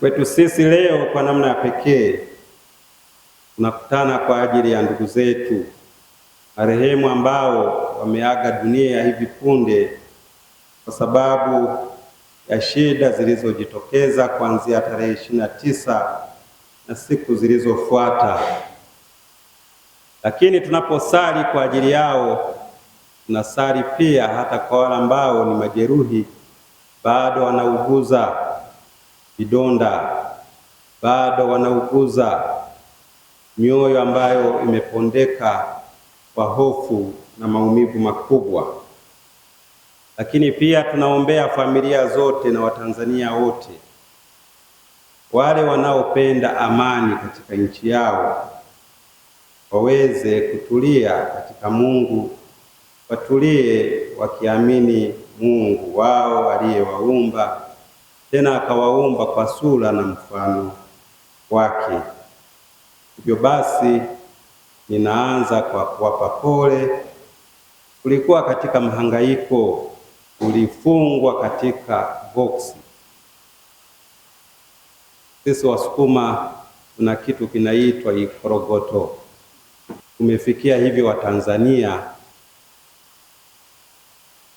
kwetu sisi leo, kwa namna ya pekee tunakutana kwa ajili ya ndugu zetu marehemu ambao wameaga dunia ya hivi punde kwa sababu ya shida zilizojitokeza kuanzia tarehe ishirini na tisa na siku zilizofuata. Lakini tunaposali kwa ajili yao, tunasali pia hata kwa wale ambao ni majeruhi bado wanauguza vidonda, bado wanauguza, mioyo ambayo imepondeka kwa hofu na maumivu makubwa. Lakini pia tunaombea familia zote na Watanzania wote wale wanaopenda amani katika nchi yao waweze kutulia katika Mungu, watulie wakiamini Mungu wao aliyewaumba tena akawaumba kwa sura na mfano wake. Hivyo basi ninaanza kwa kuwapa pole. Ulikuwa katika mhangaiko ulifungwa katika boksi. Sisi Wasukuma kuna kitu kinaitwa ikorogoto. Tumefikia hivyo Watanzania,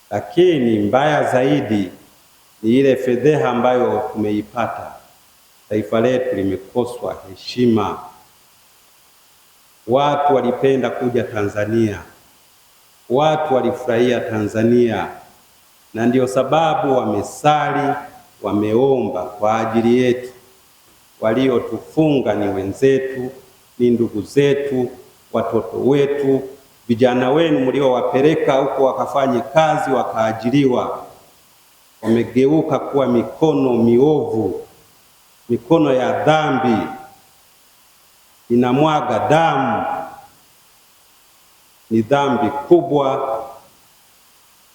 lakini mbaya zaidi ni ile fedheha ambayo tumeipata. Taifa letu limekoswa heshima. Watu walipenda kuja Tanzania, watu walifurahia Tanzania, na ndio sababu wamesali, wameomba kwa ajili yetu. Waliotufunga ni wenzetu, ni ndugu zetu, watoto wetu, vijana wenu mliowapeleka huko wakafanye kazi wakaajiriwa wamegeuka kuwa mikono miovu, mikono ya dhambi inamwaga damu. Ni dhambi kubwa,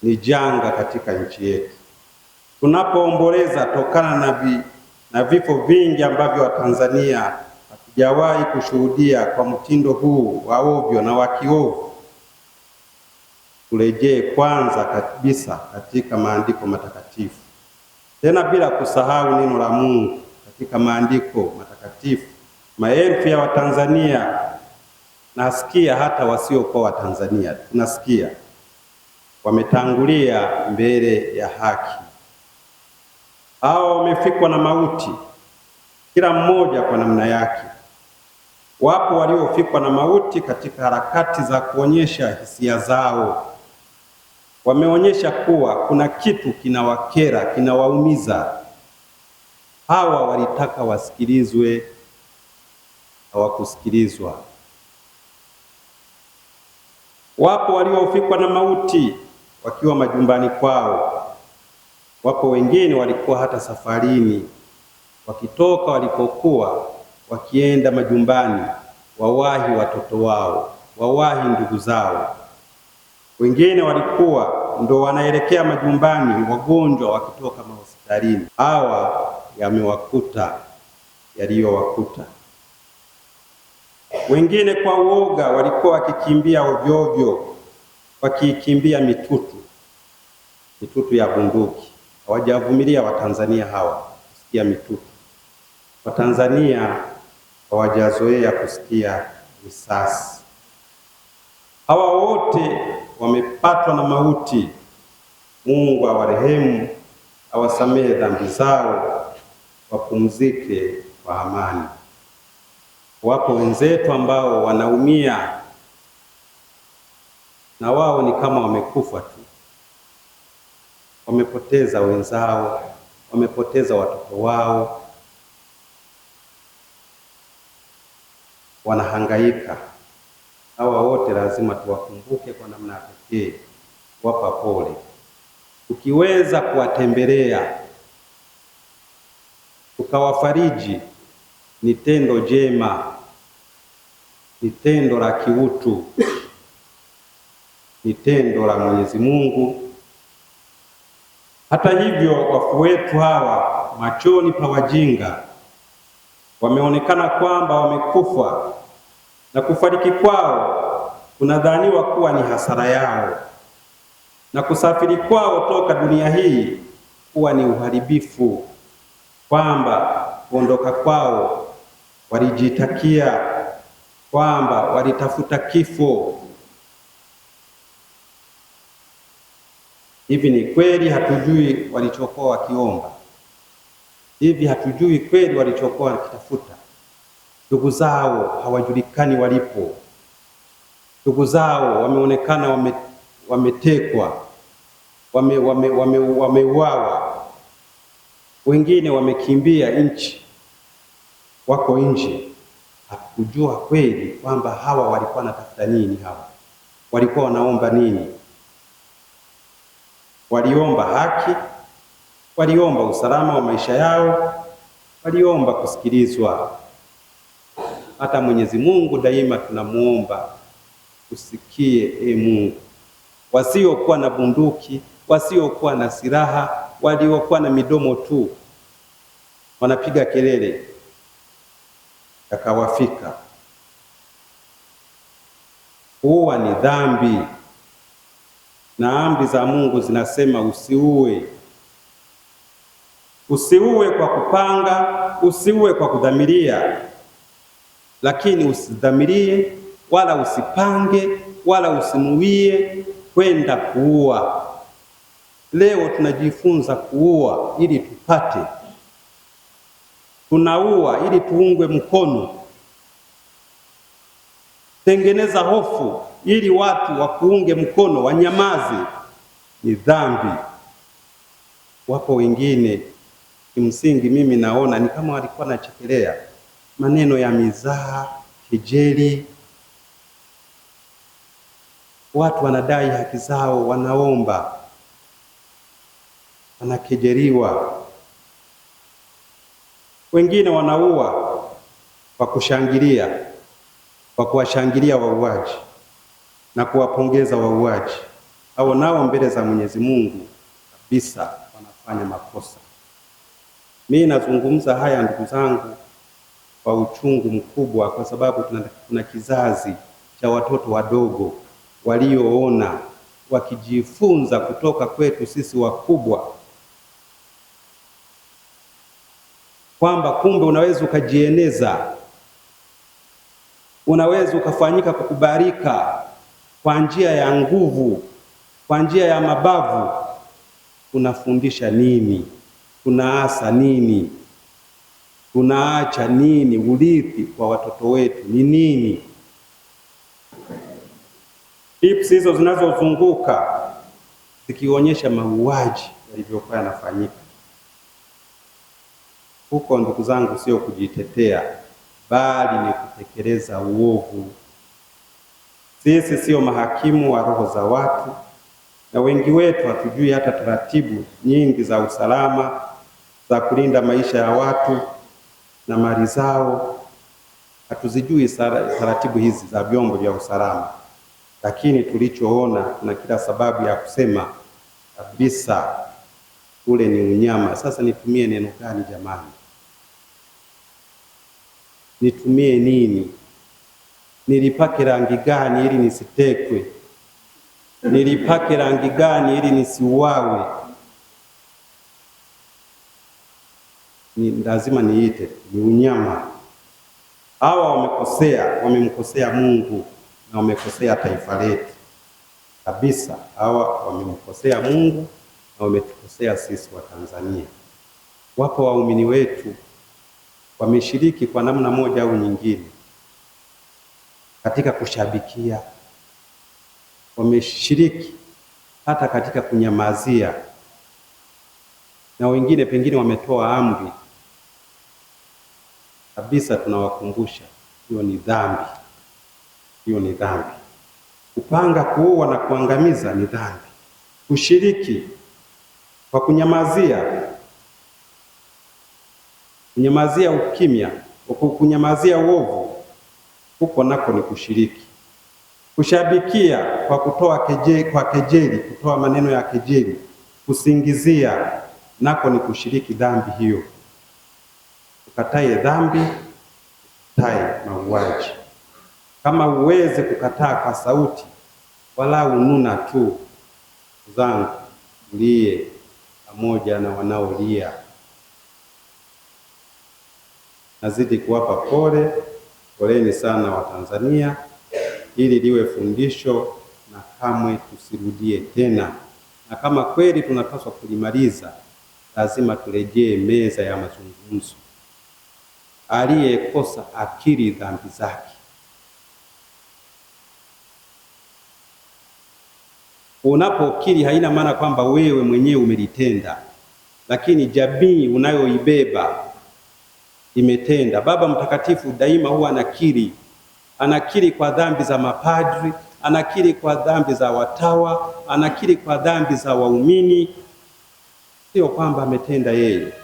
ni janga katika nchi yetu. Tunapoomboleza tokana na, vi, na vifo vingi ambavyo Watanzania hatujawahi kushuhudia kwa mtindo huu wa ovyo na wa kiovu turejee kwanza kabisa katika maandiko matakatifu, tena bila kusahau neno la Mungu katika maandiko matakatifu. Maelfu ya Watanzania nasikia, hata wasiokuwa Watanzania tunasikia, wametangulia mbele ya haki hao wamefikwa na mauti, kila mmoja kwa namna yake. Wapo waliofikwa na mauti katika harakati za kuonyesha hisia zao wameonyesha kuwa kuna kitu kinawakera, kinawaumiza. Hawa walitaka wasikilizwe, hawakusikilizwa. Wapo waliofikwa na mauti wakiwa majumbani kwao, wapo wengine walikuwa hata safarini, wakitoka walipokuwa wakienda majumbani, wawahi watoto wao, wawahi ndugu zao wengine walikuwa ndo wanaelekea majumbani, wagonjwa wakitoka mahospitalini. Hawa yamewakuta yaliyowakuta. Wengine kwa uoga walikuwa wakikimbia ovyovyo wakiikimbia mitutu, mitutu ya bunduki. Hawajavumilia Watanzania hawa kusikia mitutu. Watanzania hawajazoea kusikia risasi. Hawa wote wamepatwa na mauti. Mungu awarehemu, awasamehe dhambi zao, wapumzike kwa amani. Wapo wenzetu ambao wanaumia na wao ni kama wamekufa tu, wamepoteza wenzao, wamepoteza watoto wao, wanahangaika Hawa wote lazima tuwakumbuke kwa namna ya pekee, wapa pole. Tukiweza kuwatembelea tukawafariji, ni tendo jema, ni tendo la kiutu, ni tendo la Mwenyezi Mungu. Hata hivyo, wafu wetu hawa machoni pa wajinga wameonekana kwamba wamekufa na kufariki kwao kunadhaniwa kuwa ni hasara yao na kusafiri kwao toka dunia hii kuwa ni uharibifu, kwamba kuondoka kwao walijitakia, kwamba walitafuta kifo. Hivi ni kweli hatujui walichokuwa wakiomba? Hivi hatujui kweli walichokuwa wakitafuta? Ndugu zao hawajulikani walipo, ndugu zao wameonekana wame, wametekwa, wameuawa, wame, wame, wame wengine wamekimbia nchi, wako nje. Hakujua kweli kwamba hawa walikuwa wanatafuta nini, hawa walikuwa wanaomba nini? Waliomba haki, waliomba usalama wa maisha yao, waliomba kusikilizwa. Hata Mwenyezi Mungu daima tunamuomba usikie, e Mungu, wasiokuwa na bunduki, wasiokuwa na silaha, waliokuwa na midomo tu wanapiga kelele, yakawafika. huwa ni dhambi na amri za Mungu zinasema usiue. Usiue kwa kupanga, usiue kwa kudhamiria lakini usidhamirie wala usipange wala usinuie kwenda kuua. Leo tunajifunza kuua ili tupate, tunaua ili tuungwe mkono, tengeneza hofu ili watu wakuunge mkono, wanyamaze. Ni dhambi. Wapo wengine kimsingi, mimi naona ni kama walikuwa nachekelea maneno ya mizaha, kejeli. Watu wanadai haki zao, wanaomba, wanakejeliwa, wengine wanaua kwa kushangilia, kwa kuwashangilia wauaji na kuwapongeza wauaji au nao mbele za Mwenyezi Mungu kabisa wanafanya makosa. Mimi nazungumza haya ndugu zangu kwa uchungu mkubwa, kwa sababu kuna kizazi cha watoto wadogo walioona wakijifunza kutoka kwetu sisi wakubwa kwamba kumbe unaweza ukajieneza, unaweza ukafanyika kukubarika kwa njia ya nguvu, kwa njia ya mabavu. Unafundisha nini? Tunaasa nini? tunaacha nini? Urithi kwa watoto wetu ni nini? Tips hizo zinazozunguka zikionyesha mauaji yalivyokuwa yanafanyika huko, ndugu zangu, sio kujitetea, bali ni kutekeleza uovu. Sisi sio mahakimu wa roho za watu, na wengi wetu hatujui hata taratibu nyingi za usalama za kulinda maisha ya watu na mali zao. Hatuzijui taratibu hizi za vyombo vya usalama, lakini tulichoona na kila sababu ya kusema kabisa ule ni unyama. Sasa nitumie neno gani jamani? Nitumie nini? Nilipake rangi gani ili nisitekwe? Nilipake rangi gani ili nisiuawe? ni lazima niite, ni unyama. Hawa wamekosea, wamemkosea Mungu na wamekosea taifa letu kabisa. Hawa wamemkosea Mungu na wametukosea sisi wa Tanzania. Wapo waumini wetu wameshiriki kwa namna moja au nyingine katika kushabikia, wameshiriki hata katika kunyamazia, na wengine pengine wametoa amri kabisa tunawakumbusha hiyo ni dhambi, hiyo ni dhambi. Kupanga kuua na kuangamiza ni dhambi. Kushiriki kwa kunyamazia, kunyamazia ukimya, kunyamazia uovu, huko nako ni kushiriki. Kushabikia kwa kutoa keje, kwa kejeli, kutoa maneno ya kejeli, kusingizia nako ni kushiriki dhambi hiyo ukatae dhambi, ukatae mauaji. Kama uweze kukataa kwa sauti, wala ununa tu, zangu ulie pamoja na wanaolia. Nazidi kuwapa pole, poleni sana Watanzania, ili liwe fundisho na kamwe tusirudie tena, na kama kweli tunapaswa kulimaliza, lazima turejee meza ya mazungumzo aliyekosa akiri dhambi zake. Unapokiri haina maana kwamba wewe mwenyewe umelitenda, lakini jamii unayoibeba imetenda. Baba Mtakatifu daima huwa anakiri, anakiri kwa dhambi za mapadri, anakiri kwa dhambi za watawa, anakiri kwa dhambi za waumini, sio kwamba ametenda yeye.